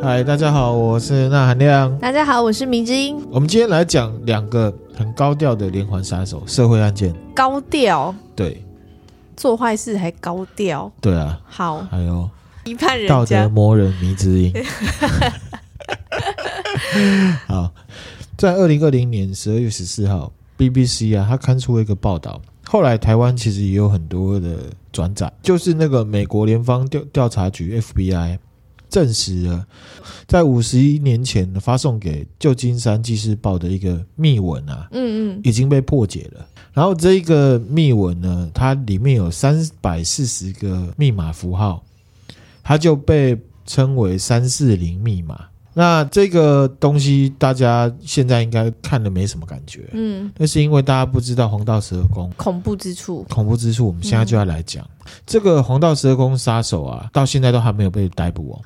嗨，大家好，我是鈉含量。大家好，我是迷之音。我們今天來講兩個很高調的連環殺手社會案件。高調？對。做壞事還高調？對啊。好。還、哎、有。一判人。道德魔人迷之音。 好，在二零二零年十二月十四號，BBC 啊，他刊出了一個報道。後來台灣其實也有很多的轉載，就是那個美國聯邦調調查局 FBI。證實了，在五十一年前發送給舊金山紀事報的一個密文啊，嗯嗯，已經被破解了。然後這個密文呢，它裡面有三百四十個密碼符號，它就被稱為三四零密碼。那這個東西大家現在應該看了沒什麼感覺，嗯，那是因為大家不知道黃道十二宮恐怖之處。恐怖之處，我們現在就要來講、嗯、這個黃道十二宮殺手啊，到現在都還沒有被逮捕哦。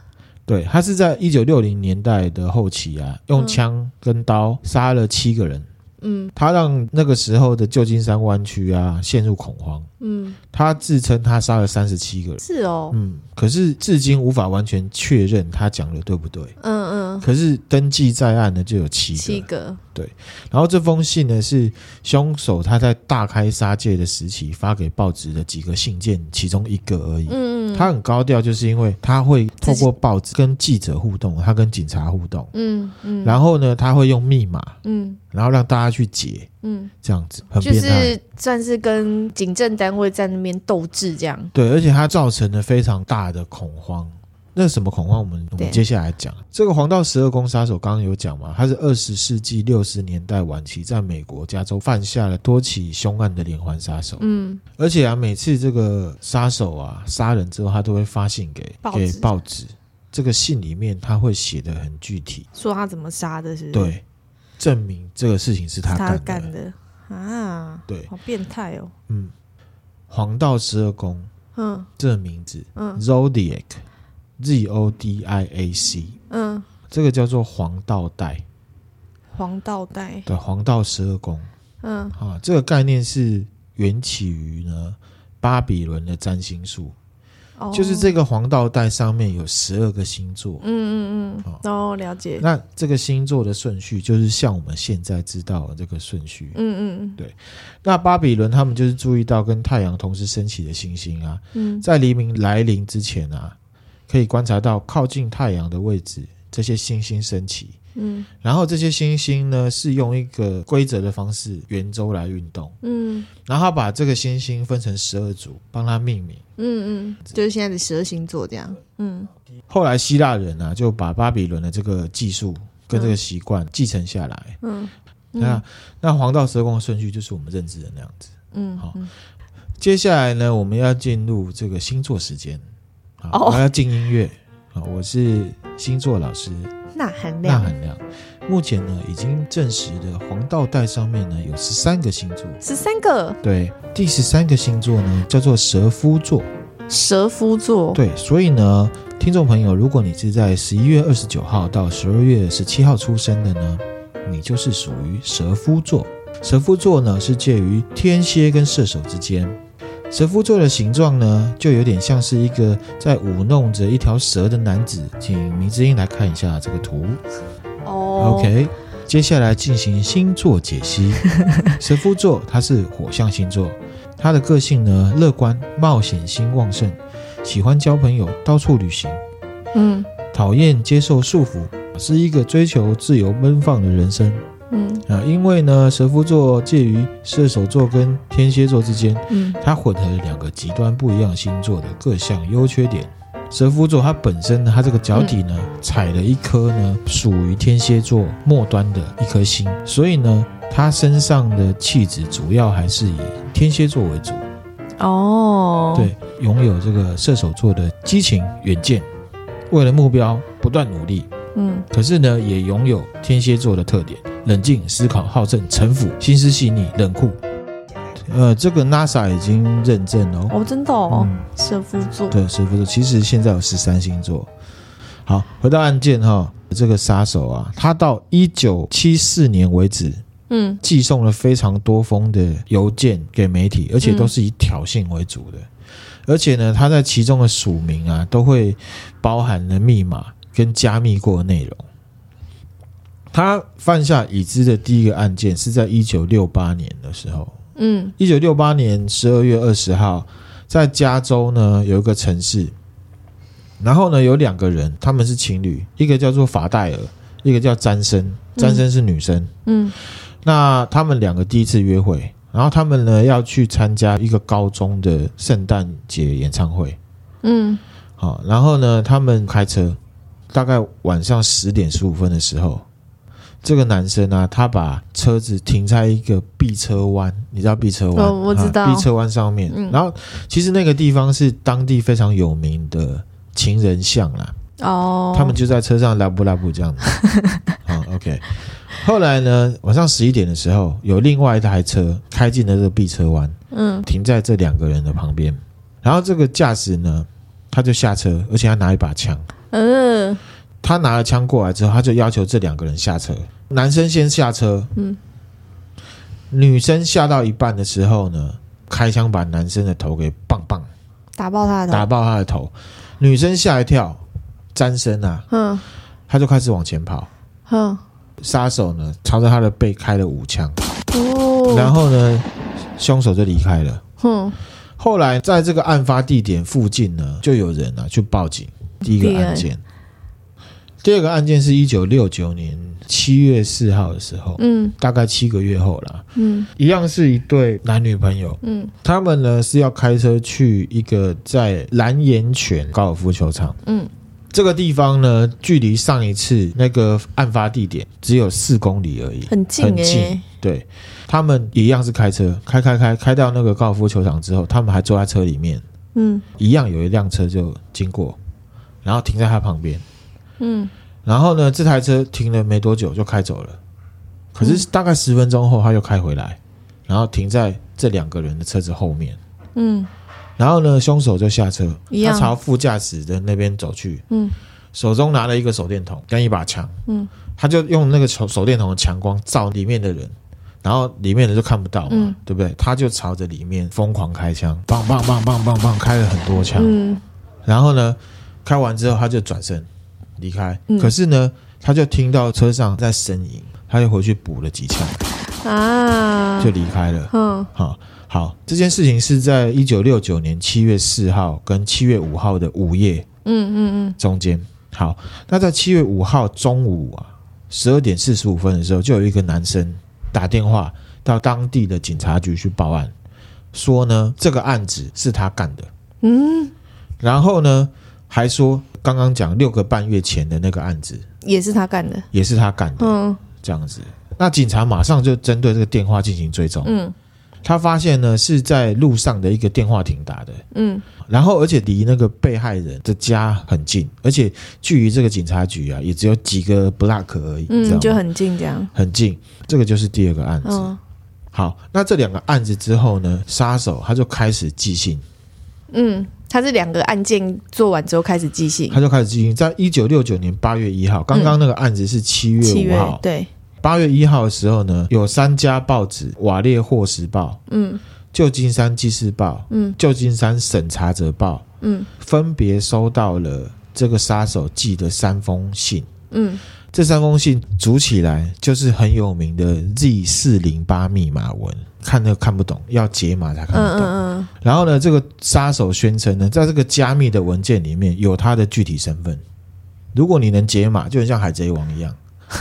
對他是在一九六零年代的後期啊，用槍跟刀殺了七個人。嗯，嗯，他讓那個時候的舊金山灣區啊陷入恐慌。嗯，他自稱他殺了三十七個人。是哦，嗯。可是至今無法完全確認他講的對不對？嗯嗯。可是登記在案的就有七個。七個。對。然後這封信呢，是兇手他在大開殺戒的時期發給報紙的幾個信件其中一個而已。嗯嗯。他很高調，就是因為他會透過報紙跟記者互動，他跟警察互動。嗯嗯。然後呢，他會用密碼。嗯，嗯。然後讓大家去解。嗯，這樣子就是算是跟警政單位在那邊鬥智，這樣，嗯，就是、是這樣對，而且他造成了非常大的恐慌。那什麼恐慌？我們、嗯、我們接下來講這個黃道十二宮殺手，剛剛有講嘛？他是二十世紀六十年代晚期在美國加州犯下了多起兇案的連環殺手。嗯，而且啊，每次這個殺手啊殺人之後，他都會發信給給報紙。這個信裡面他會寫得很具體，說他怎麼殺的，是不是？對。證明這個事情是他幹的，他幹的啊！對，好變態哦。嗯，黃道十二宮，嗯，這個名字，嗯，Zodiac，Z-O-D-I-A-C，嗯，這個叫做黃道帶。黃道帶，對，黃道十二宮，嗯，啊，這個概念是源起於呢巴比倫的占星術。就是這個黃道帶上面有十二個星座。嗯嗯嗯。哦，了解。那這個星座的順序，就是像我們現在知道的這個順序。嗯嗯嗯。對。那巴比倫他們就是注意到跟太陽同時升起的星星啊，在黎明來臨之前啊，可以觀察到靠近太陽的位置這些星星升起。嗯，然後這些星星呢是用一個規則的方式圓周來運動，嗯，然後他把這個星星分成十二組，幫它命名，嗯嗯，就是現在的十二星座這樣，嗯。後來希臘人啊就把巴比倫的這個技術跟這個習慣繼承下來，嗯，那嗯那，那黃道十二宮的順序就是我們認知的那樣子，嗯，好、嗯哦。接下來呢我們要進入這個星座時間，哦哦、我要進音樂，啊、哦，我是星座老師。鈉含量，鈉含量，目前呢已經證實的黃道帶上面呢有十三個星座，十三個，對，第十三個星座呢叫做蛇夫座，蛇夫座，對，所以呢，聽眾朋友，如果你是在十一月二十九號到十二月十七號出生的呢，你就是屬於蛇夫座，蛇夫座呢是介於天蠍跟射手之間。蛇夫座的形狀呢，就有點像是一個在舞弄着一條蛇的男子。請明之音來看一下這個圖。哦、oh.，OK，接下來進行星座解析。 蛇夫座它是火象星座，它的個性呢，樂觀、冒險心旺盛，喜歡交朋友、到處旅行。嗯，討厭接受束縛，是一個追求自由、奔放的人生。嗯啊，因為呢，蛇夫座介於射手座跟天蠍座之間，嗯，它混合了兩個極端不一樣星座的各項優缺點。蛇夫座它本身呢，它這個腳底呢、嗯、踩了一顆呢屬於天蠍座末端的一顆星，所以呢，他身上的氣質主要還是以天蠍座為主。哦，對，擁有這個射手座的激情、遠見，為了目標不斷努力。嗯，可是呢，也擁有天蠍座的特點。冷靜、思考、好勝、城府、心思細膩、冷酷。呃，這個 NASA 已經認證了哦。哦，真的哦，蛇夫座。對，蛇夫座。其實現在有十三星座。好，回到案件哈，這個殺手啊，他到一九七四年為止，嗯，寄送了非常多封的郵件給媒體，而且都是以挑釁為主的。嗯、而且呢，他在其中的署名啊，都會包含了密碼跟加密過的內容。他犯下已知的第一個案件是在一九六八年的時候。嗯，一九六八年十二月二十號，在加州呢有一個城市，然後呢有兩個人，他們是情侶，一個叫做法戴爾，一個叫詹森，詹森是女生。嗯，嗯，那他們兩個第一次約會，然後他們呢要去參加一個高中的聖誕節演唱會。嗯，好，然後呢他們開車，大概晚上十點十五分的時候。這個男生啊，他把車子停在一個避車彎，你知道避車彎？哦，我知道。避、啊、車彎上面，嗯、然後其實那個地方是當地非常有名的情人巷啦。哦。他們就在車上拉布拉布這樣子。好、 啊、，OK。後來呢，晚上十一點的時候，有另外一台車開進了這個避車彎，嗯，停在這兩個人的旁邊。然後這個駕駛呢，他就下車，而且他拿一把槍。嗯。他拿了槍過來之後，他就要求這兩個人下車。男生先下車、嗯，女生下到一半的時候呢，開槍把男生的頭給砰砰打爆他的頭，打爆他的頭。嗯、女生嚇一跳，轉身啊，嗯，他就開始往前跑。殺、嗯、手呢，朝着他的背開了五槍、哦，然後呢，兇手就離開了、嗯。後來在這個案發地點附近呢，就有人啊去報警，第一個案件。第二個案件是一九六九年七月四號的時候，嗯，大概七個月後啦，嗯，一樣是一對男女朋友，嗯，他們呢是要開車去一個在藍岩泉高爾夫球場，嗯，這個地方呢距離上一次那個案發地點只有四公里而已，很近、欸，很近，對，他們一樣是開車，開開開開到那個高爾夫球場之後，他們還坐在車裡面，嗯，一樣有一輛車就經過，然後停在他旁邊。嗯，然後呢，這台車停了沒多久就開走了，嗯、可是大概十分鐘後，他又開回來，然後停在這兩個人的車子後面。嗯，然後呢，兇手就下車，他朝副駕駛的那邊走去。嗯，手中拿了一個手電筒跟一把槍。嗯，他就用那個手手電筒的強光照裡面的人，然後裡面的人就看不到嘛，嗯、對不對？他就朝着裡面瘋狂開槍，砰砰砰砰砰砰，開了很多槍。嗯，然後呢，開完之後他就轉身離開、嗯，可是呢，他就聽到車上在呻吟，他就回去補了幾槍，啊，就離開了。嗯、哦，好，好，這件事情是在一九六九年七月四號跟七月五號的午夜，嗯嗯嗯，中、嗯、間，好，那在七月五號中午啊，十二點四十五分的時候，就有一個男生打電話到當地的警察局去報案，說呢，這個案子是他幹的，嗯，然後呢，還說。剛剛講六個半月前的那個案子，也是他幹的，也是他幹的，嗯、哦，這樣子。那警察馬上就針對這個電話進行追蹤，嗯，他發現呢是在路上的一個電話亭打的，嗯，然後而且離那個被害人的家很近，而且距離這個警察局啊也只有幾個 block 而已、嗯，知道嗎？就很近這樣，很近。這個就是第二個案子、哦。好，那這兩個案子之後呢，殺手他就開始寄信，嗯。他是兩個案件做完之後開始寄信，他就開始寄信，在一九六九年八月一號，剛、嗯、剛那個案子是月七月五號，對。八月一號的時候呢，有三家報紙：瓦列霍時報、嗯，舊金山紀事報、嗯，舊金山審查者報，嗯，分別收到了這個殺手寄的三封信，嗯，這三封信組起來就是很有名的 Z 四零八密碼文。看都看不懂，要解碼才看得懂，嗯嗯嗯。然後呢，這個殺手宣稱呢，在這個加密的文件裡面有他的具體身份。如果你能解碼，就很像海賊王一樣，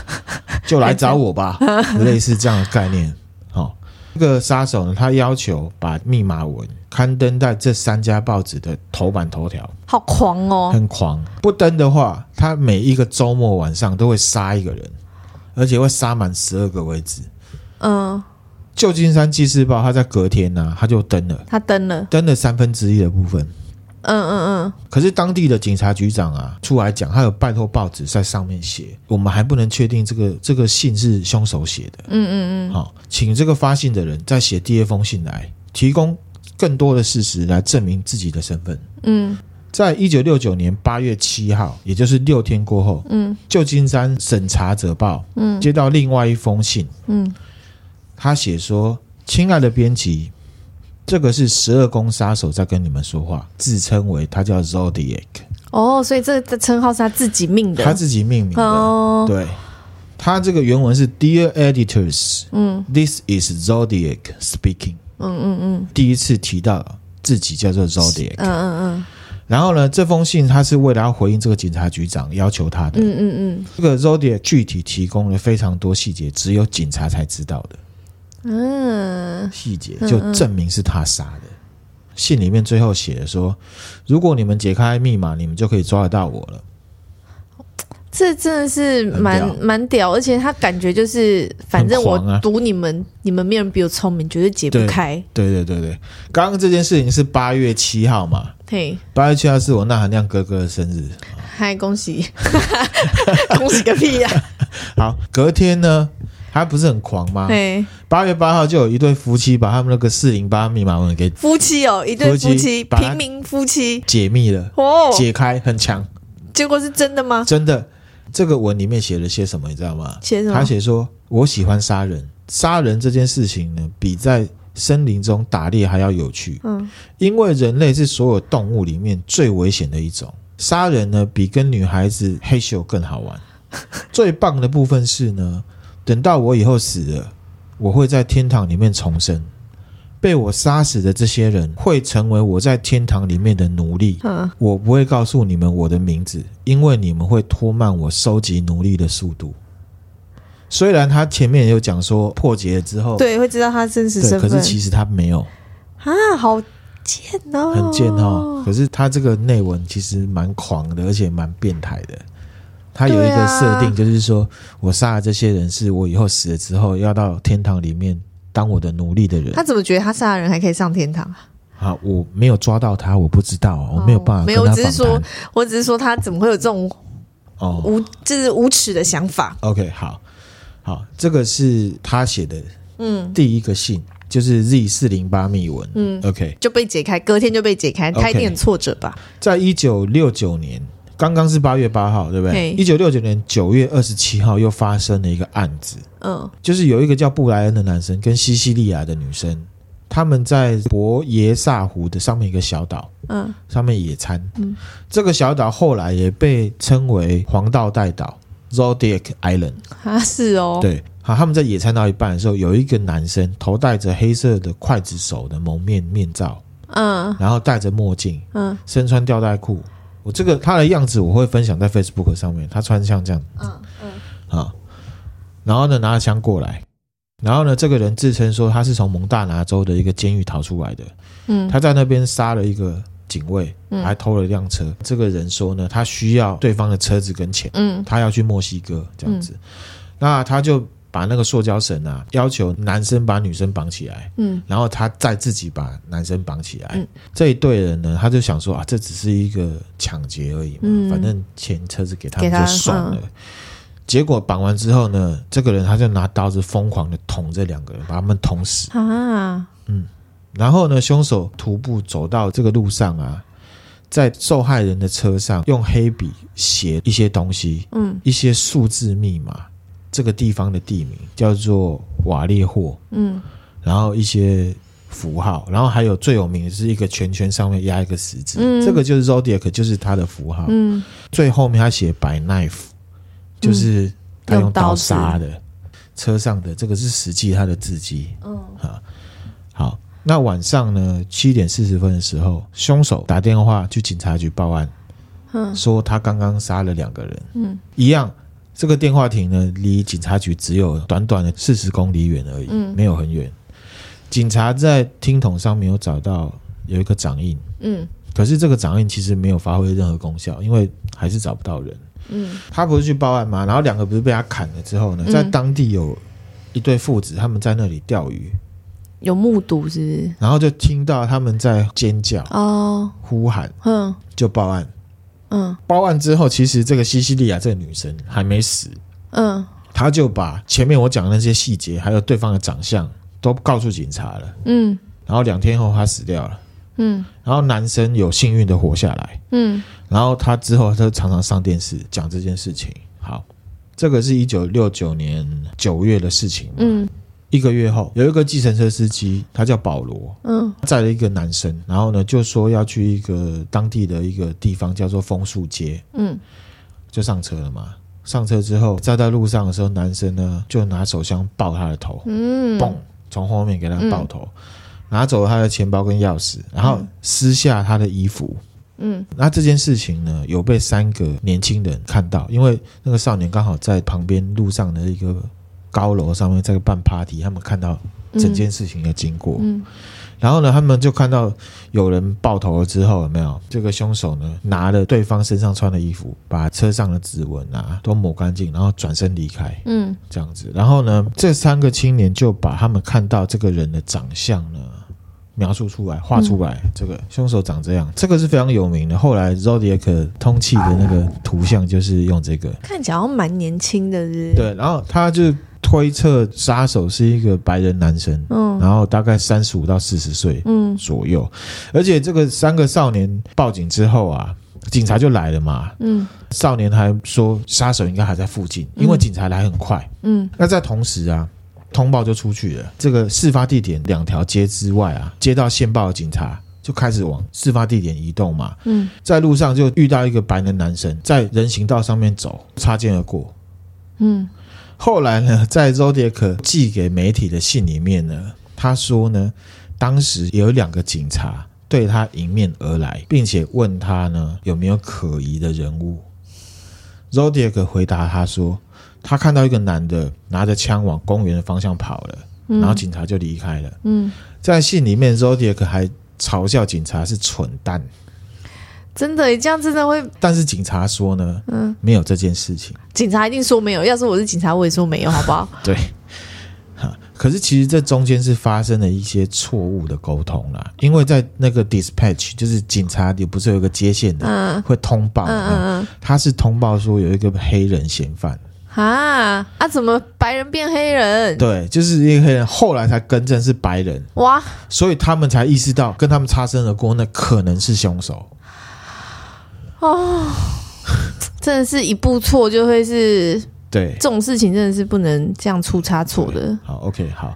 就來找我吧， 類似這樣的概念。好、哦，這個殺手呢，他要求把密碼文刊登在這三家報紙的頭版頭條。好狂哦！很狂，不登的話，他每一個周末晚上都會殺一個人，而且會殺滿十二個位置。嗯。舊金山紀事報，他在隔天呢、啊，他就登了，他登了，登了三分之一的部分。嗯嗯嗯。可是當地的警察局長啊，出來講，他有拜托報紙在上面寫，我們還不能確定這個這個信是凶手寫的。嗯嗯嗯。好、嗯哦，請這個發信的人再寫第二封信來，提供更多的事實來證明自己的身份。嗯，在一九六九年八月七號，也就是六天過後，嗯，舊金山審查者報，嗯，接到另外一封信，嗯。嗯他寫說：“親愛的編輯，這個是十二宮殺手在跟你們說話，自稱為他叫 Zodiac。哦，Oh，所以這個稱號是他自己命的，他自己命名的。Oh. 對，他這個原文是 Dear Editors，嗯，This is Zodiac speaking。嗯嗯嗯，第一次提到自己叫做 Zodiac。嗯嗯嗯。然後呢，這封信他是為了要回應這個警察局長要求他的。嗯嗯嗯。這個 Zodiac 具體提供了非常多細節，只有警察才知道的。”嗯，細節就證明是他殺的嗯嗯。信裡面最後寫的說：“如果你們解開密碼，你們就可以抓得到我了。”這真的是蠻蠻屌，屌，而且他感覺就是，反正我賭你們、啊，你們沒有人比我聰明，絕對解不開。對對對對，剛剛這件事情是八月七號嘛。嘿，八月七號是我鈉含量哥哥的生日。嗨，恭喜！ 恭喜個屁呀，啊！ 好，隔天呢？他不是很狂嗎？八、hey, 月八號就有一對夫妻把他們那個四零八密碼文給夫妻哦，一對夫妻，夫妻把平民夫妻解密了解開，很強。結果是真的嗎？真的，這個文裡面寫了些什麼，你知道嗎？寫什麼？他寫說：“我喜歡殺人，殺人這件事情呢，比在森林中打獵還要有趣。嗯，因為人類是所有動物裡面最危險的一種。殺人呢，比跟女孩子嘿咻更好玩。 最棒的部分是呢。”等到我以後死了，我會在天堂裡面重生。被我殺死的這些人會成為我在天堂裡面的奴隸。嗯，我不會告訴你們我的名字，因為你們會拖慢我收集奴隸的速度。雖然他前面有講說破解了之後，對，會知道他真實身份，可是其實他沒有啊，好賤哦，很賤哦。可是他這個內文其實蠻狂的，而且蠻變態的。他有一個設定，就是說我殺了這些人，是我以後死了之後要到天堂裡面當我的奴隸的人。他怎麼覺得他殺了人還可以上天堂啊？好，我沒有抓到他，我不知道，我沒有辦法他、哦。沒有，我只是說，我只是說他怎麼會有這種無哦無就是無恥的想法。OK，好，好，這個是他寫的，嗯，第一個信、嗯、就是 Z 四零八密文，嗯，OK 就被解開，隔天就被解開，開、okay、一定很挫折吧。在一九六九年。剛剛是八月八號，對不對？一九六九年九月二十七號又發生了一個案子，嗯、uh.，就是有一個叫布萊恩的男生跟西西利亞的女生，他們在博耶薩湖的上面一個小島，嗯、uh.，上面野餐，嗯，這個小島後來也被稱為黃道帶島 （Zodiac Island）。啊， 是哦，對，好，他們在野餐到一半的時候，有一個男生頭戴着黑色的劊子手的蒙面面罩，嗯、uh.，然後戴着墨鏡，嗯、uh.，身穿吊帶褲。我這個他的樣子我會分享在 Facebook 上面，他穿像這樣，嗯，啊、嗯，然後呢拿着槍過來，然後呢這個人自稱說他是從蒙大拿州的一個監獄逃出來的，嗯，他在那邊殺了一個警衛，還偷了一輛車，嗯。這個人說呢，他需要對方的車子跟錢，嗯，他要去墨西哥這樣子，嗯，那他就。把那個塑膠繩啊，要求男生把女生綁起來，嗯，然後他再自己把男生綁起來，嗯，這一對人呢，他就想說啊，這只是一個搶劫而已嘛，嗯，反正錢車子給他們就算了。嗯。結果綁完之後呢，嗯，這個人他就拿刀子瘋狂的捅這兩個人，把他們捅死啊，嗯，嗯，然後呢，兇手徒步走到這個路上啊，在受害人的車上用黑筆寫一些東西，嗯，一些數字密碼。這個地方的地名叫做瓦列霍，嗯，然後一些符號，然後還有最有名的是一個圈圈上面壓一個十字，嗯，這個就是 Zodiac 就是他的符號，嗯，最後面他寫 by knife，就是他用刀殺的刀車上的這個是實際他的字跡，嗯，哦啊，好，那晚上呢七點四十分的時候，凶手打電話去警察局報案，嗯，說他剛剛殺了兩個人，嗯，一樣。這個電話亭呢，離警察局只有短短的四十公里遠而已，嗯，沒有很遠。警察在聽筒上沒有找到有一個掌印，嗯，可是這個掌印其實沒有發揮任何功效，因為還是找不到人，嗯。他不是去報案嗎？然後兩個不是被他砍了之後呢，在當地有一對父子，他們在那裡釣魚，有目睹是不是？然後就聽到他們在尖叫哦，呼喊，嗯，就報案。嗯，報案之後，其實這個西西里亞這個女生還沒死，嗯，她就把前面我講的那些細節，還有對方的長相，都告訴警察了，嗯，然後兩天後她死掉了，嗯，然後男生有幸運的活下來，嗯，然後他之後他就常常上電視講這件事情，好，這個是一九六九年九月的事情，嗯。一個月後，有一個計程車司機，他叫保羅，嗯，載了一個男生，然後呢，就說要去一個當地的一個地方，叫做楓樹街，嗯，就上車了嘛。上車之後，在在路上的時候，男生呢就拿手槍爆他的頭，嗯，嘣，從後面給他爆頭，嗯，拿走了他的錢包跟鑰匙，然後撕下他的衣服，嗯，那這件事情呢，有被三個年輕人看到，因為那個少年剛好在旁邊路上的一個。高樓上面在辦 party，他們看到整件事情的經過，嗯嗯、然後呢，他們就看到有人爆頭了之後，有沒有這個兇手呢？拿了對方身上穿的衣服，把車上的指紋啊都抹乾淨，然後轉身離開，嗯，這樣子。然後呢，這三個青年就把他們看到這個人的長相呢描述出來，畫出來。嗯、這個兇手長這樣，這個是非常有名的。後來 Zodiac 通緝的那個圖像就是用這個，看起來好像蠻年輕的，是。對，然後他就。嗯推測殺手是一個白人男生，嗯、哦，然後大概三十五到四十歲，嗯，左右。而且這個三個少年報警之後啊，警察就來了嘛，嗯，少年還說殺手應該還在附近，因為警察來很快，嗯。那在同時啊，通報就出去了。這個事發地點兩條街之外啊，接到線報，警察就開始往事發地點移動嘛，嗯，在路上就遇到一個白人男生在人行道上面走，擦肩而過，嗯。後來呢，在 Zodiac 寄給媒體的信裡面呢，他說呢，當時有兩個警察對他迎面而來，並且問他呢有沒有可疑的人物。Zodiac 回答他說，他看到一個男的拿着槍往公園的方向跑了，嗯，然後警察就離開了。嗯，在信裡面 Zodiac 還嘲笑警察是蠢蛋。真的，你這樣真的會。但是警察說呢，嗯，沒有這件事情。警察一定說沒有。要是我是警察，我也說沒有，好不好？ 對，可是其實這中間是發生了一些錯誤的溝通啦，因為在那個 dispatch 就是警察也不是有一個接線的，嗯，會通報。嗯嗯，嗯，他是通報說有一個黑人嫌犯。啊啊！怎麼白人變黑人？對，就是一個黑人，後來才更正是白人。哇！所以他們才意識到，跟他們擦身而過那可能是兇手。哦，真的是一步錯就會是，對這種事情真的是不能這樣出差錯的。好，OK，好，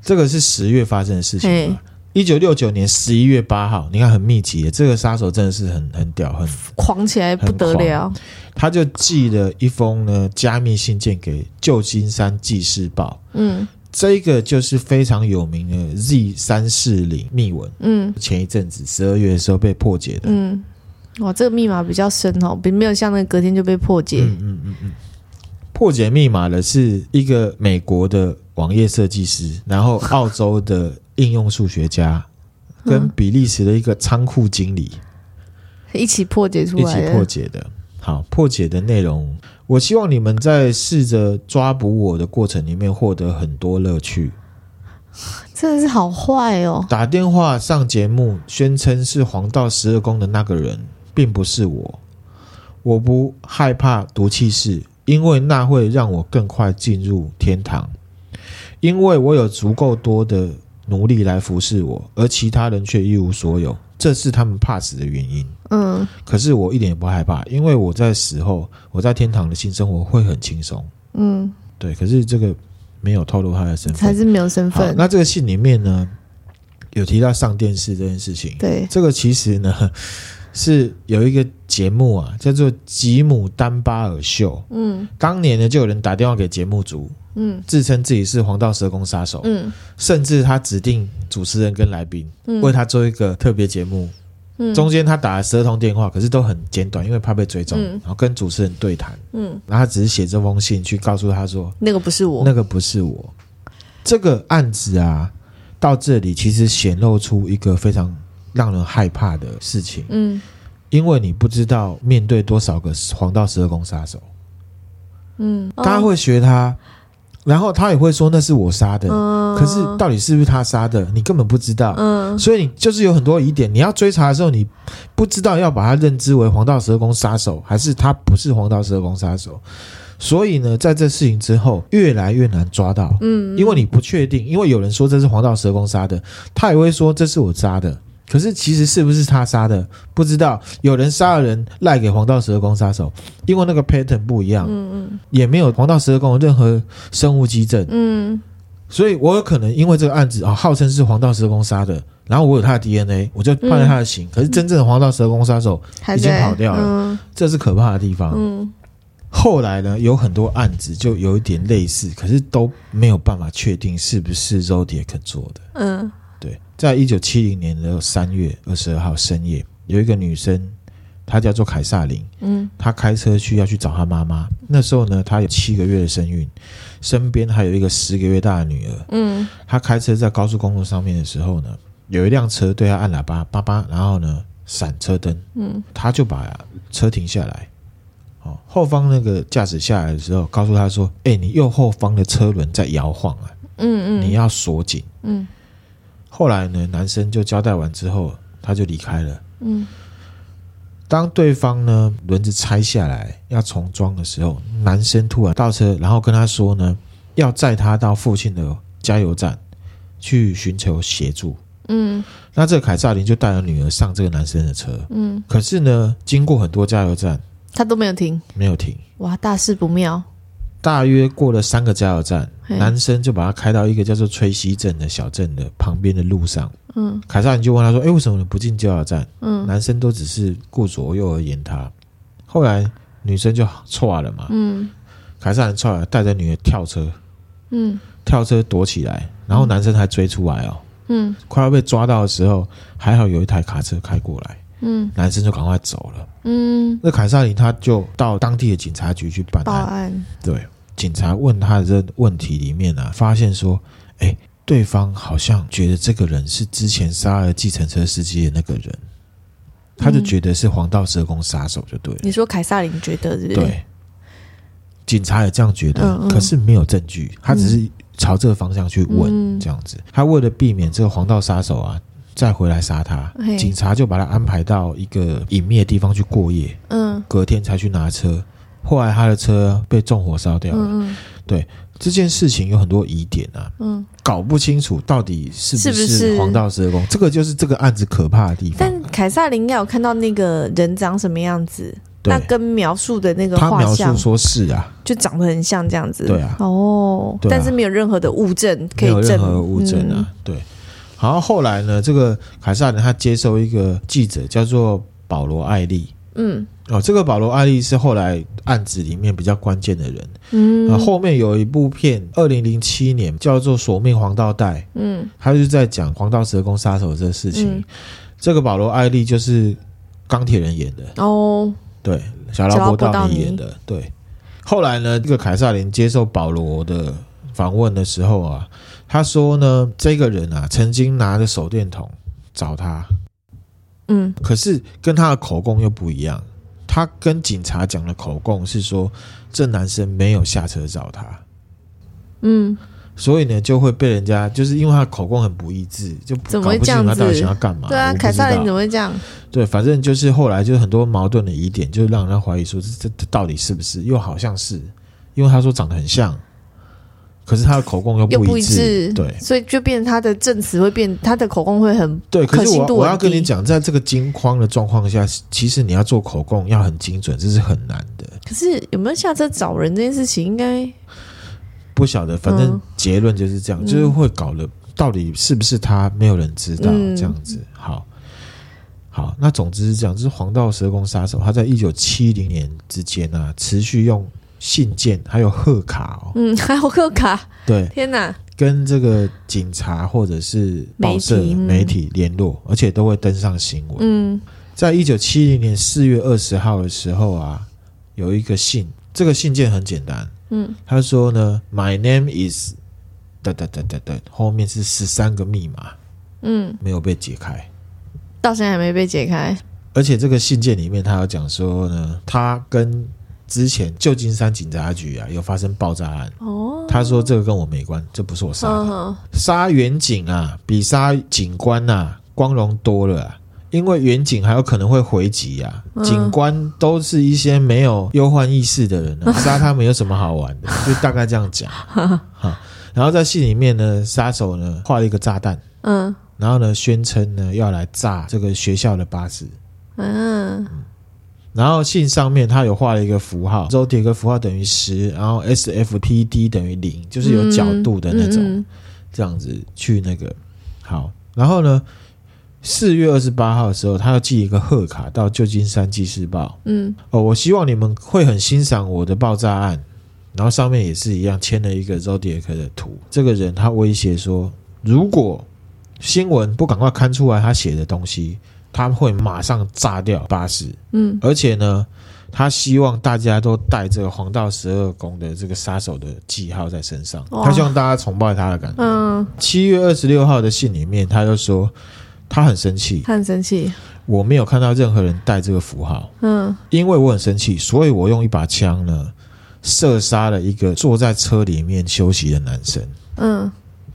這個是十月發生的事情。對，一九六九年十一月八號，你看很密集耶，這個殺手真的是很很屌，很狂起來不得了。他就寄了一封呢加密信件給舊金山紀事報。嗯，這個就是非常有名的 Z 三四零密文。嗯，前一陣子十二月的時候被破解的。嗯。哇，這個密碼比較深哦，並沒有像那隔天就被破解。嗯嗯嗯嗯，破解密碼的是一個美國的網頁設計師，然後澳洲的應用數學家， 跟比利時的一個倉庫經理、嗯、一起破解出來的，一起破解的。好，破解的內容，我希望你們在試着抓捕我的過程裡面獲得很多樂趣。真的是好壞哦，打電話上節目，宣稱是黃道十二宮的那個人。並不是我，我不害怕毒氣室，因為那會讓我更快進入天堂。因為我有足夠多的奴隸來服侍我，而其他人卻一無所有，這是他們怕死的原因。嗯，可是我一點也不害怕，因為我在死後，我在天堂的新生活會很輕鬆。嗯，對。可是這個沒有透露他的身份，還是沒有身份。那這個信裡面呢，有提到上電視這件事情。對，這個其實呢。是有一個節目啊，叫做《吉姆丹巴爾秀》。嗯，當年呢，就有人打電話給節目組，嗯，自稱自己是黃道十二宮殺手。嗯，甚至他指定主持人跟來賓，嗯，為他做一個特別節目。嗯，中間他打了十二通電話，可是都很簡短，因為怕被追蹤。嗯，然後跟主持人對談。嗯，然後他只是寫這封信去告訴他說：“那個不是我，那個不是我。那個不是我”這個案子啊，到這裡其實顯露出一個非常。讓人害怕的事情，嗯，因為你不知道面對多少個黃道十二宮殺手，嗯，他、哦、會學他，然後他也會說那是我殺的、哦，可是到底是不是他殺的，你根本不知道，嗯，所以你就是有很多疑點，你要追查的時候，你不知道要把他認知為黃道十二宮殺手，還是他不是黃道十二宮殺手，所以呢，在這事情之後越來越難抓到，嗯，嗯，因為你不確定，因為有人說這是黃道十二宮殺的，他也會說這是我殺的。可是其實是不是他殺的不知道，有人殺了人賴給黃道十二宮殺手，因為那個 pattern 不一樣，嗯嗯，也沒有黃道十二宮任何生物跡證，嗯，嗯，所以我有可能因為這個案子啊、哦，號稱是黃道十二宮殺的，然後我有他的 DNA，我就判了他的刑。嗯、可是真正的黃道十二宮殺手已經跑掉了，嗯，這是可怕的地方。嗯嗯，後來呢，有很多案子就有一點類似，可是都沒有辦法確定是不是 Zodiac 做的，嗯。在一九七零年的三月二十二號深夜，有一個女生，她叫做凱薩琳。嗯，她開車去要去找她媽媽。那時候呢，她有七個月的身孕，身邊還有一個十個月大的女兒。嗯，她開車在高速公路上面的時候呢，有一輛車對她按喇叭，叭叭叭叭，然後呢閃車燈。嗯，她就把車停下來。後方那個駕駛下來的時候，告訴她說：“哎、欸，你右後方的車輪在搖晃啊！嗯嗯，你要鎖緊。”嗯。後來呢，男生就交代完之後，他就離開了。嗯，當對方呢輪子拆下來要重裝的時候，男生突然倒車，然後跟他說呢，要載他到附近的加油站去尋求協助。嗯，那這個凱撒琳就帶了女兒上這個男生的車。嗯，可是呢，經過很多加油站，他都沒有停，沒有停。哇，大事不妙。大約過了三個加油站，男生就把他開到一個叫做崔西鎮的小鎮的旁邊的路上。嗯，凱薩琳就問他說：“誒、欸，為什麼你不進加油站？”嗯，男生都只是顧左右而言他。後來女生就錯了嘛。嗯，凱薩琳錯了，帶着女兒跳車。嗯，跳車躲起來，然後男生還追出來哦。嗯，快要被抓到的時候，還好有一台卡車開過來。嗯，男生就趕快走了。嗯，那凱撒林他就到當地的警察局去辦案。對，警察問他的這個問題裡面呢、啊，發現說，哎、欸，對方好像覺得這個人是之前殺了計程車司機的那個人，他就覺得是黃道十二宮殺手，就對了、嗯。你說凱撒林覺得對？對，警察也這樣覺得嗯嗯，可是沒有證據，他只是朝這個方向去問這樣子。嗯嗯、他為了避免這個黃道殺手啊。再回來殺他，警察就把他安排到一個隱秘的地方去過夜。嗯，隔天才去拿車，後來他的車被縱火燒掉了、嗯。對，這件事情有很多疑點啊，嗯、搞不清楚到底是不是黃道十二宮，這個就是這個案子可怕的地方、啊。但凱撒琳應該有看到那個人長什麼樣子，那跟描述的那個畫像，像說是啊，就長得很像這樣子。對啊，哦，啊、但是沒有任何的物證可以證明物證啊，嗯、對。然後後來呢？這個凱撒林他接受一個記者，叫做保羅·艾利。嗯，哦，這個保羅·艾利是後來案子裡面比較關鍵的人。嗯，啊，後面有一部片，二零零七年叫做《索命黃道帶》。嗯，他就在講黃道十二宮殺手這個事情，嗯。這個保羅·艾利就是鋼鐵人演的。哦，對，小勞勃·道尼演的。對，後來呢，這個凱撒林接受保羅的訪問的時候啊。他說呢，這個人啊，曾經拿着手電筒找他，嗯，可是跟他的口供又不一樣。他跟警察講的口供是說，這男生沒有下車找他，嗯，所以呢就會被人家就是因為他的口供很不一致，就搞不清他到底想要幹嘛？對啊，凱撒琳怎麼會這樣？對，反正就是後來就很多矛盾的疑點，就讓人家懷疑說這這到底是不是？又好像是因為他說長得很像。嗯可是他的口供又不，又不一致，對，所以就變成他的證詞會變，他的口供會很對。可是我要可信度我要跟你講，在這個驚慌的狀況下，其實你要做口供要很精準，這是很難的。可是有沒有下車找人這件事情，應該不曉得。反正結論就是這樣，嗯、就是會搞得到底是不是他，沒有人知道、嗯、這樣子。好，好，那總之是這樣。就是黃道十二宮殺手，他在一九七零年之間呢、啊，持續用。信件還有賀卡哦，嗯，還有賀卡，對，天哪！跟這個警察或者是報社媒體聯絡，嗯，而且都會登上新聞。嗯，在一九七零年四月二十號的時候啊，有一個信，這個信件很簡單，嗯，他說呢，嗯，My name is，後面是十三個密碼，嗯，沒有被解開，到現在還沒被解開。而且這個信件裡面，他有講說呢，他跟之前舊金山警察局啊有發生爆炸案哦，oh, 他說這個跟我沒關，這不是我殺的，殺、uh, 遠警啊比殺警官啊，光榮多了，啊，因為遠警還有可能會回擊啊。Uh, 警官都是一些沒有憂患意識的人，殺他們有什麼好玩的？Uh, 就大概這樣講，uh, 然後在戲裡面呢，殺手呢畫了一個炸彈，嗯、uh, 然後呢宣稱呢要來炸這個學校的巴士，uh, 嗯。然後信上面他有畫了一個符號，Zodiac 符號等於十，然後 SFPD 等於零，嗯，就是有角度的那種，嗯，這樣子去那個好。然後呢，四月二十八號的時候，他要寄一個賀卡到舊金山《紀事報》嗯。嗯哦，我希望你們會很欣賞我的爆炸案，然後上面也是一樣簽了一個 Zodiac 的圖。這個人他威脅說，如果新聞不趕快刊出來，他寫的東西。他會馬上炸掉巴士，嗯，而且呢，他希望大家都帶這個黃道十二宮的這個殺手的記號在身上，哦，他希望大家崇拜他的感覺。嗯，七月二十六號的信裡面，他就說他很生氣，他很生氣，我沒有看到任何人帶這個符號，嗯，因為我很生氣，所以我用一把槍呢射殺了一個坐在車裡面休息的男生，嗯。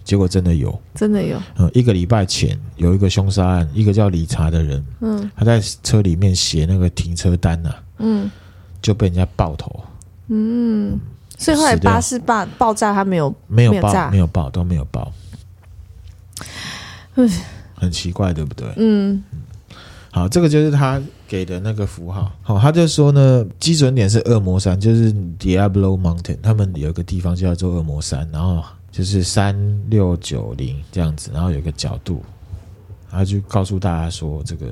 結果真的有，真的有。嗯，一個禮拜前有一個兇殺案，一個叫理查的人，嗯，他在車裡面寫那個停車單吶、啊，嗯，就被人家爆頭。嗯，嗯，所以後來巴士爆爆炸，他沒有爆沒有爆，沒有爆都沒有爆。嗯，很奇怪，對不對嗯？嗯，好，這個就是他給的那個符號。好、哦，他就說呢，基準點是惡魔山，就是 Diablo Mountain，他們有一個地方叫做惡魔山，然後，就是三六九零這樣子，然後有一個角度，然後就告訴大家說這個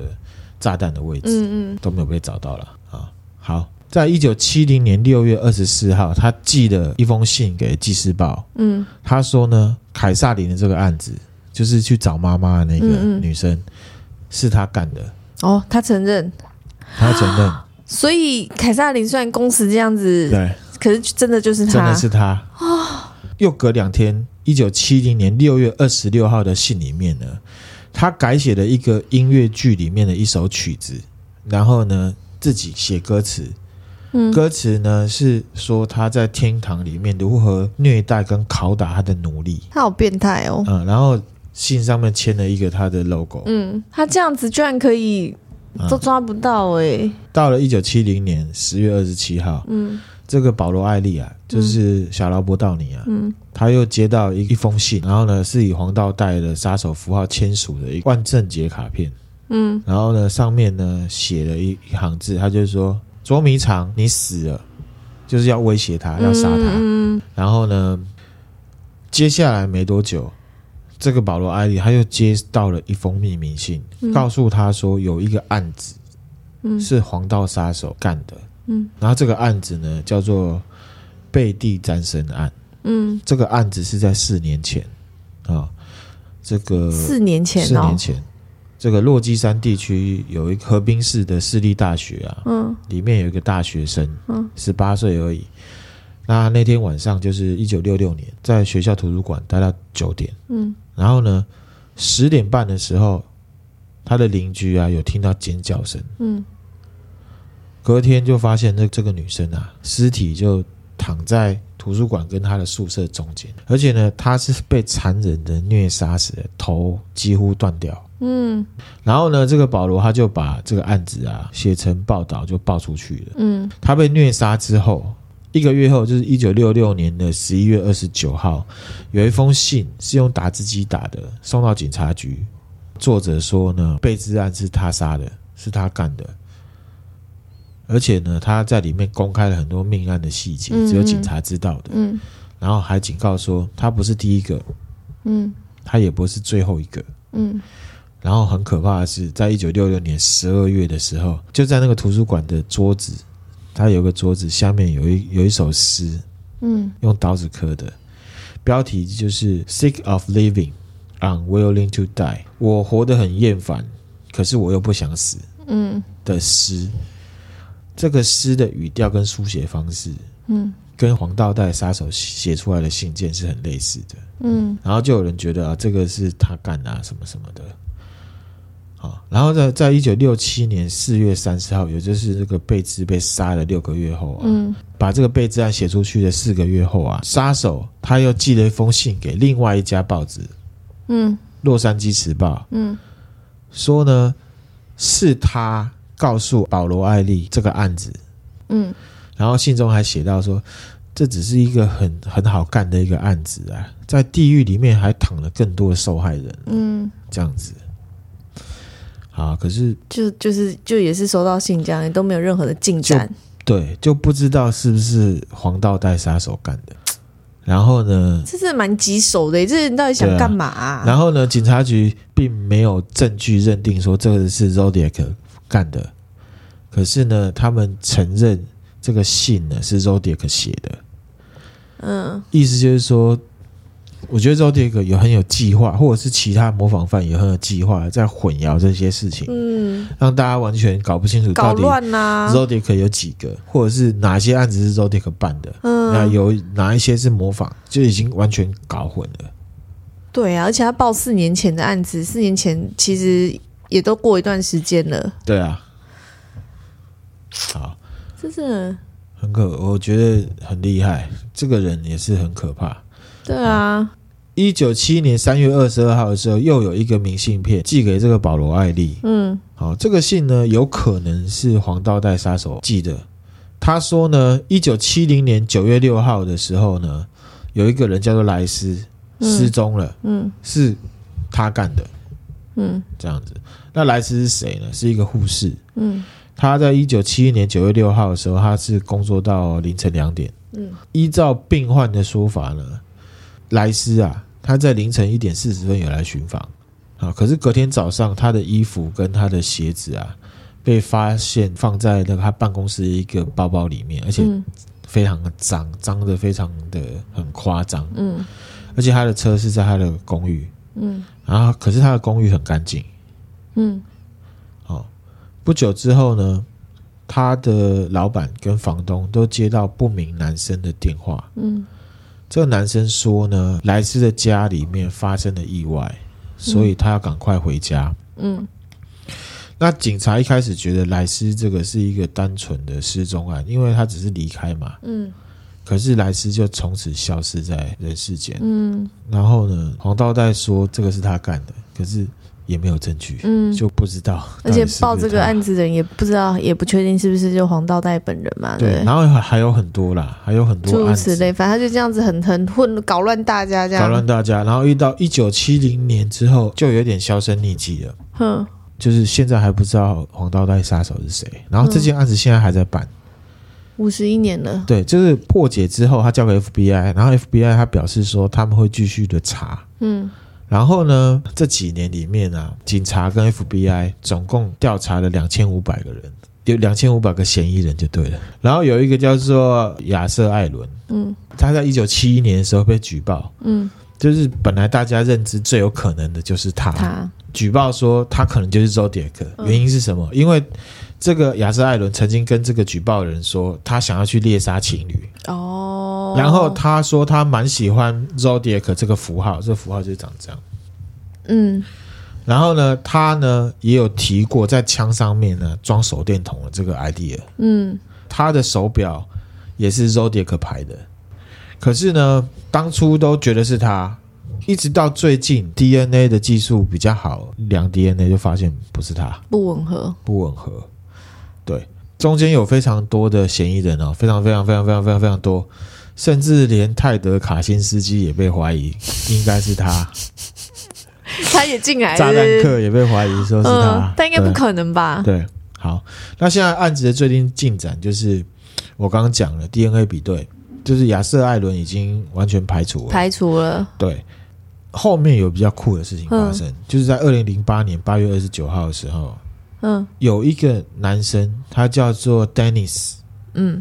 炸彈的位置，嗯嗯，都沒有被找到了啊。好，在一九七零年六月二十四號，他寄了一封信給《紀事報》，嗯，他說呢，凱撒琳的這個案子，就是去找媽媽的那個女生，嗯嗯是他幹的。哦，他承認，他承認，哦，所以凱撒琳雖然公司這樣子，對，可是真的就是他，真的是他哦。又隔兩天，一九七零年六月二十六號的信裡面呢，他改寫了一個音樂劇裡面的一首曲子，然後呢自己寫歌詞，嗯，歌詞呢是說他在天堂裡面如何虐待跟拷打他的奴隸，他好變態哦，嗯，然後信上面簽了一個他的 logo，嗯，他這樣子居然可以，嗯，都抓不到哎，欸，到了一九七零年十月二十七號，嗯。這個保羅·艾莉啊，就是小勞勃·道尼啊，嗯嗯，他又接到一一封信，然後呢，是以黃道帶的殺手符號簽署的一萬聖節卡片，嗯，然後呢，上面呢寫了一一行字，他就是說捉迷藏，你死了，就是要威脅他，要殺他，嗯。然後呢，接下來沒多久，這個保羅·艾莉他又接到了一封匿名信，嗯，告訴他說有一個案子是黃道殺手幹的。嗯，然後這個案子呢，叫做貝蒂詹森案。嗯，這個案子是在四年前啊、哦，這個四年前、哦，四年前，這個洛基山地區有一個河濱市的私立大學啊，嗯，裡面有一個大學生，嗯，十八歲而已。那那天晚上就是一九六六年，在學校圖書館待到九點，嗯，然後呢，十點半的時候，他的鄰居啊有聽到尖叫聲，嗯。隔天就發現那這個女生啊，屍體就躺在圖書館跟她的宿舍中間，而且呢，她是被殘忍的虐殺死的，頭幾乎斷掉。嗯，然後呢，這個保羅他就把這個案子啊寫成報道就報出去了。嗯，她被虐殺之後一個月後，就是一九六六年的十一月二十九號，有一封信是用打字機打的送到警察局，作者說呢，貝茲案是他殺的，是他幹的。而且呢，他在裡面公開了很多命案的細節，嗯嗯，只有警察知道的。嗯，然後還警告說，他不是第一個，嗯，他也不是最後一個，嗯。然後很可怕的是，在一九六六年十二月的時候，就在那個圖書館的桌子，他有個桌子下面有一有一首詩，嗯，用刀子刻的，標題就是 “Sick of living, unwilling to die”，我活得很厭煩，可是我又不想死，嗯的詩。這個詩的語調跟書寫方式，嗯，跟黃道帶的殺手寫出來的信件是很類似的，嗯，然後就有人覺得啊，這個是他幹的，啊，什麼什麼的，好，然後在在一九六七年四月三十號，也就是這個貝茲被殺了六個月後啊，嗯，把這個貝茲案寫出去的四個月後啊，殺手他又寄了一封信給另外一家報紙，嗯，洛杉磯時報，嗯，說呢是他。告訴保羅·艾利這個案子，嗯，然後信中還寫到說，這只是一個很很好幹的一個案子啊，在地獄裡面還躺了更多的受害人，嗯，這樣子，啊，可是就就是就也是收到信，這樣都沒有任何的進展，對，就不知道是不是黃道帶殺手幹的，然後呢，這是蠻棘手的，這人到底想幹嘛，啊啊？然後呢，警察局並沒有證據認定說這個是 Zodiac。幹的，可是呢，他們承認這個信呢是 Zodiac 寫的，嗯，意思就是說，我覺得 Zodiac 有很有計劃，或者是其他模仿犯也很有計劃，在混淆這些事情，嗯，讓大家完全搞不清楚到底 Zodiac 有幾個，啊、或者是哪一些案子是 Zodiac 辦的，嗯，那有哪一些是模仿，就已經完全搞混了、嗯。對啊，而且他報四年前的案子，四年前其實。也都過一段時間了。對啊，好，就是很可，我覺得很厲害，這個人也是很可怕。對啊，一九七零年三月二十二號的時候，又有一個明信片寄給這個保羅·艾利。嗯，好、啊，這個信呢，有可能是黃道帶殺手寄的。他說呢，一九七零年九月六號的時候呢，有一個人叫做萊斯、嗯、失蹤了。嗯，是他幹的。嗯，這樣子。那萊斯是誰呢？是一個護士。嗯，他在一九七一年九月六號的時候，他是工作到凌晨兩點。嗯，依照病患的說法呢，萊斯啊，他在凌晨一點四十分有來巡房啊。可是隔天早上，他的衣服跟他的鞋子啊，被發現放在那個他辦公室一個包包裡面，而且非常的髒，髒的非常的很誇張。嗯，而且他的車是在他的公寓。嗯。啊！可是他的公寓很乾淨。嗯。好、哦，不久之後呢，他的老闆跟房東都接到不明男生的電話。嗯。這個男生說呢，萊斯的家裡面發生了意外，所以他要趕快回家。嗯。那警察一開始覺得萊斯這個是一個單純的失蹤案，因為他只是離開嘛。嗯。可是萊斯就從此消失在人世間。嗯，然後呢，黃道帶說這個是他幹的，可是也沒有證據，嗯，就不知道是不是。而且報這個案子的人也不知道，也不確定是不是就黃道帶本人嘛。對。對，然後還有很多啦，還有很多。諸如此類，反正他就這樣子很，很很混，搞亂大家這樣。搞亂大家。然後一到一九七零年之後，就有點銷聲匿跡了。哼。就是現在還不知道黃道帶殺手是誰。然後這件案子現在還在辦。五十一年了，對，就是破解之後，他交給 FBI，然後 FBI 他表示說他們會繼續的查，嗯，然後呢，這幾年裡面啊，警察跟 FBI 總共調查了兩千五百個人，有兩千五百個嫌疑人就對了，然後有一個叫做亞瑟·艾倫，嗯，他在一九七一年的時候被舉報，嗯，就是本來大家認知最有可能的就是他，他舉報說他可能就是 Zodiac，嗯，原因是什麼？因為。這個亞瑟·艾倫曾經跟這個舉報人說，他想要去獵殺情侶。哦。然後他說他蠻喜歡 Zodiac 這個符號，這個符號就是長這樣。嗯。然後呢，他呢也有提過在槍上面呢裝手電筒的這個 idea。嗯。他的手錶也是 Zodiac 牌的。可是呢，當初都覺得是他，一直到最近 DNA 的技術比較好，量 DNA 就發現不是他。不吻合。不吻合。中間有非常多的嫌疑人哦，非常非常非常非常非常多，甚至連泰德·卡辛斯基也被懷疑，應該是他， 他也進來了，炸彈客也被懷疑說是他，嗯、但應該不可能吧對？對，好，那現在案子的最新進展就是我剛剛講了 DNA 比對，就是亞瑟·艾倫已經完全排除了，排除了，對，後面有比較酷的事情發生，嗯、就是在二零零八年八月二十九號的時候。嗯、有一個男生，他叫做 Dennis。嗯，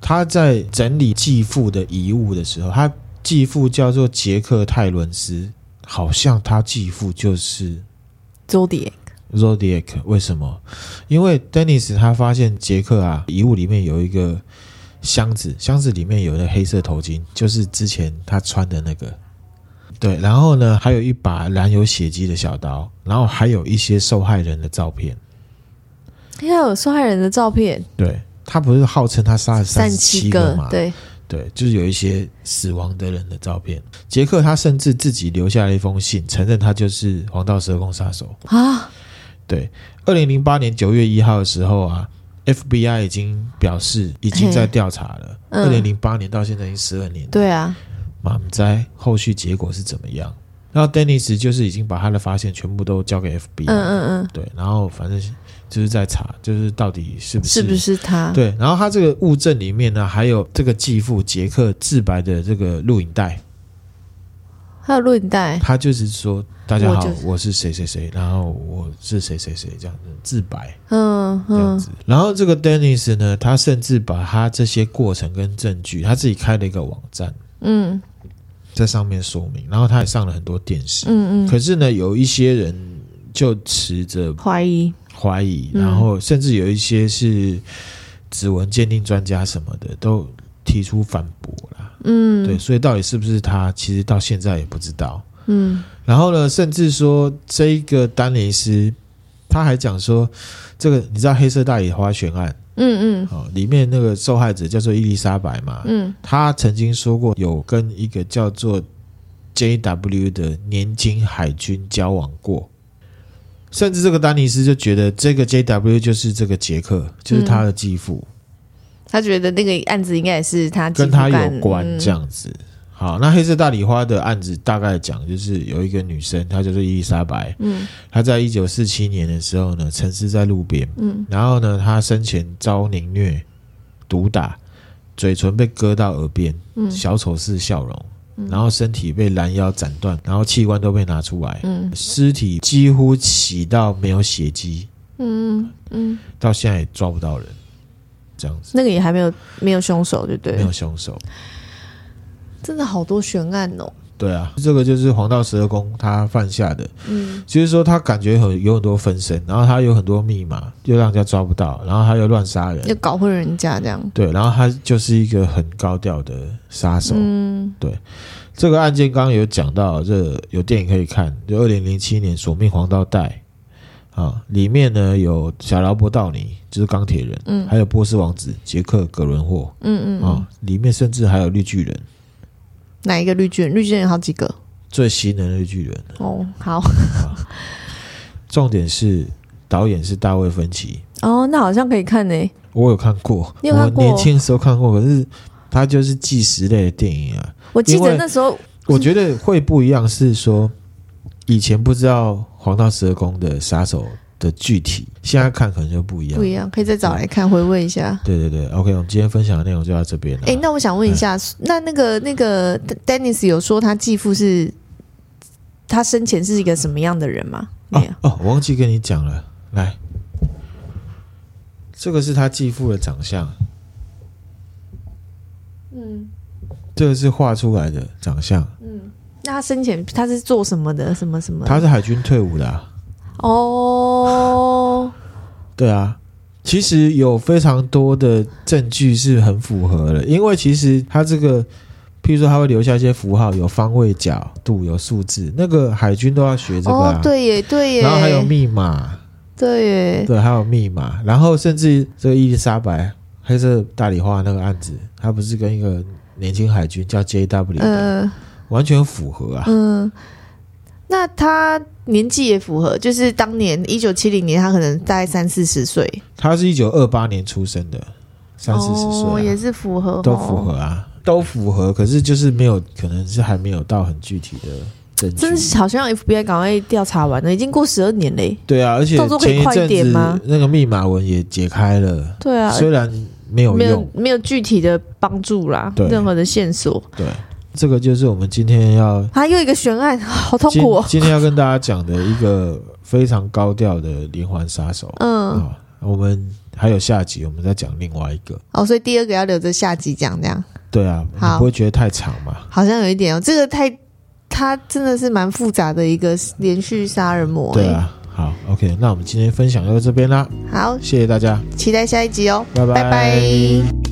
他在整理繼父的遺物的時候，他繼父叫做傑克·泰倫斯，好像他繼父就是 Zodiac，Zodiac，為什麼？因為 Dennis 他發現傑克啊遺物裡面有一個箱子，箱子裡面有一個黑色頭巾，就是之前他穿的那個。對，然後呢，還有一把染有血跡的小刀，然後還有一些受害人的照片。應、哎、該有受害人的照片，對，他不是號稱他殺了三十七個嗎？對，對，就是有一些死亡的人的照片。傑克他甚至自己留下了一封信，承認他就是黃道十二宮殺手啊。對，二零零八年九月一號的時候啊，FBI 已經表示已經在調查了。二零零八年到現在已經十二年了，對啊，滿載，後續結果是怎麼樣？然後 Dennis 就是已經把他的發現全部都交給 FB 了，嗯嗯嗯，對，然後反正就是在查，就是到底是不是是不是他？對，然後他這個物證裡面呢，還有這個繼父傑克自白的這個錄影帶，還有錄影帶，他就是說大家好我、就是，我是誰誰誰，然後我是誰誰誰這樣子自白，嗯嗯，這樣子，然後這個 Dennis 呢，他甚至把他這些過程跟證據，他自己開了一個網站，嗯。在上面說明，然後他也上了很多電視。嗯嗯。可是呢，有一些人就持着懷疑懷疑、懷疑，然後甚至有一些是指紋鑑定專家什麼的都提出反駁了。嗯，對，所以到底是不是他，其實到現在也不知道。嗯，然後呢，甚至說這一個丹尼斯，他還講說這個，你知道黑色大理花懸案。嗯嗯，好，裡面那個受害者叫做伊麗莎白嘛，嗯，她曾經說過有跟一個叫做 JW 的年輕海軍交往過，甚至這個丹尼斯就覺得這個 JW 就是這個傑克，就是他的繼父。嗯，他覺得那個案子應該也是他繼父跟他有關這樣子。嗯好，那黑色大麗花的案子大概講，就是有一個女生，她就是伊麗莎白，嗯，她在一九四七年的時候呢，陳屍在路邊，嗯，然後呢，她生前遭凌虐、毒打，嘴唇被割到耳邊，嗯，小丑式笑容，嗯，然後身體被攔腰斬斷，然後器官都被拿出來，嗯，屍體幾乎洗到沒有血跡，嗯嗯到現在也抓不到人，這樣子，那個也還沒有沒有兇手，對不對？沒有兇手。真的好多懸案哦！對啊，這個就是黃道十二宮他犯下的。嗯，就是說他感覺很有，有很多分身，然後他有很多密碼，又讓人家抓不到，然後他又亂殺人，又搞混人家這樣。對，然後他就是一個很高調的殺手。嗯，對。這個案件剛剛有講到，這個、有電影可以看，就二零零七年《索命黃道帶》啊、哦，裡面呢有小勞伯·道尼，就是鋼鐵人，嗯，還有波斯王子傑克·葛倫霍，嗯嗯，嗯，啊、哦，裡面甚至還有綠巨人。哪一個綠巨人？綠巨人有好幾個。最新的綠巨人。哦，好。 重點是導演是大衛芬奇。哦，那好像可以看呢。我有看過，你有看過，我年輕的時候看過，可是它就是紀實類的電影啊。我記得那時候，我覺得會不一樣，是說 以前不知道黃道十二宮的殺手。的具體現在看可能就不一樣，不一樣，可以再找來看回味一下。對對對，OK，我們今天分享的內容就到這邊了。哎，那我想問一下，嗯、那那個那個 Dennis 有說他繼父是他生前是一個什麼樣的人嗎？哦、沒有哦，我、哦、忘記跟你講了。來，這個是他繼父的長相，嗯，這個是畫出來的長相。嗯，那他生前他是做什麼的？什麼什麼？他是海軍退伍的、啊。哦、oh, 對啊，其實有非常多的證據是很符合的，因為其實他這個，譬如說他會留下一些符號，有方位角度，有數字，那個海軍都要學這個，oh, 對耶，對耶，然後還有密碼，對耶，對，還有密碼，然後甚至這個伊麗莎白黑色大理花那個案子，他不是跟一個年輕海軍叫 JW，的、嗯、完全符合啊，嗯。那他年紀也符合，就是當年一九七零年，他可能在三四十歲。他是一九二八年出生的，三四十歲、啊哦、也是符合、哦，都符合啊，都符合。可是就是沒有，可能是還沒有到很具體的證據。真的是好像 FBI 趕快調查完了，已經過十二年嘞。對啊，而且前一陣子那個密碼文也解開了。對啊，雖然沒有用，沒有，沒有具體的幫助啦，任何的線索。對。這個就是我們今天要啊，又一個懸案，好痛苦哦。今，今天要跟大家講的一個非常高調的連環殺手。嗯、哦，我們還有下集，我們再講另外一個。哦，所以第二個要留着下集講，這樣。對啊，好，你不會覺得太長嘛？好，好像有一點哦，這個太，它真的是蠻複雜的一個連續殺人魔、欸。對啊，好，OK，那我們今天分享到這邊啦。好，謝謝大家，期待下一集哦。拜拜。拜拜。